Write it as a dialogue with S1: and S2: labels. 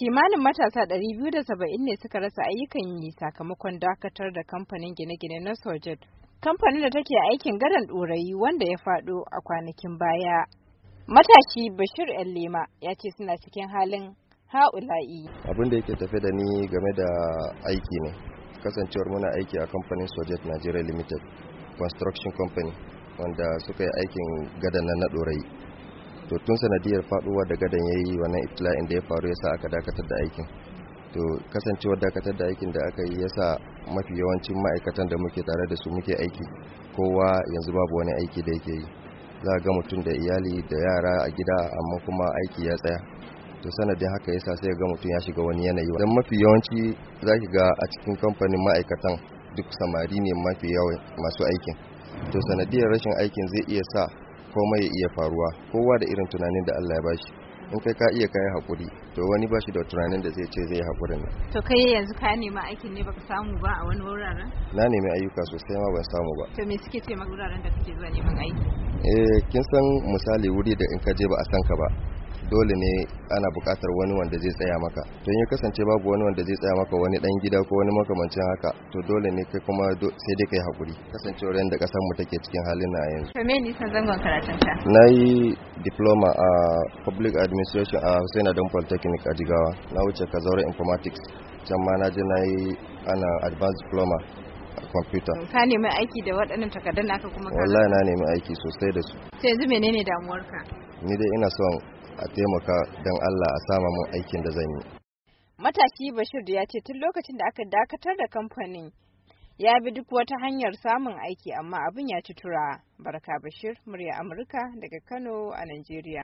S1: kimanin matasa 270 ne suka rasa ayyukan yi sakamakon dakatar da kamfanin gine-gine na sojet kamfanin da take aikin gadon ɗorayi wanda ya faɗo a kwanakin baya matashi bashir lema ya ce suna cikin halin ha'ula'i
S2: abin da yake tafe da ni game da aiki ne kasancewar muna aiki a kamfanin sojet nigeria limited construction company wanda suka yi aikin gadon na ɗorayi to tun sanadiyar faduwa da gadan ya yi wannan itila da ya faru ya sa aka dakatar da aikin to kasancewar dakatar da aikin da aka yi ya sa mafi yawancin ma'aikatan da muke tare da su muke aiki kowa yanzu babu wani aiki da yake yi za ga mutum da iyali da yara a gida amma kuma aiki ya tsaya to sanadin haka yasa sai ga mutum ya shiga wani yanayi dan mafi yawanci zaki ga a cikin kamfanin ma'aikatan duk samari ne mafi yawan masu aikin to sanadiyar rashin aikin zai iya sa komai ya iya faruwa kowa da irin tunanin da Allah ya bashi in kai ka iya kai hakuri to wani bashi da tunanin da zai ce zai hakuri ne
S1: to kai yanzu ka nema aikin ne baka samu ba a wani wuraren
S2: na nemi ayyuka sosai ma ban samu ba
S1: to me suke ce ma wuraren da kake zuwa neman aiki
S2: eh kin san misali wuri da in ka je ba a san ka ba dole ne ana buƙatar wani wanda zai tsaya maka to ya kasance babu wani wanda zai tsaya maka wani dan gida ko wani makamancin haka to dole ne kai kuma sai dai kai hakuri wurin yadda kasar mu take cikin halin na yanzu
S1: to me nisan zangon karatun ta.
S2: na yi diploma a public administration a Hussein Adam Polytechnic a Jigawa na wuce Kazaure Informatics can ma na je na yi ana advanced diploma kwamfuta.
S1: Ka nemi aiki da waɗannan takardun naka kuma ka?
S2: Wallahi na nemi aiki sosai da su.
S1: Sai yanzu menene damuwarka?
S2: Ni dai ina son a taimaka don Allah a sama mun aikin da zan yi.
S1: Mataki Bashir ya ce tun lokacin da aka dakatar da kamfanin ya bi duk wata hanyar samun aiki amma abin ya ci tura. Barka Bashir, murya Amurka daga Kano a Najeriya.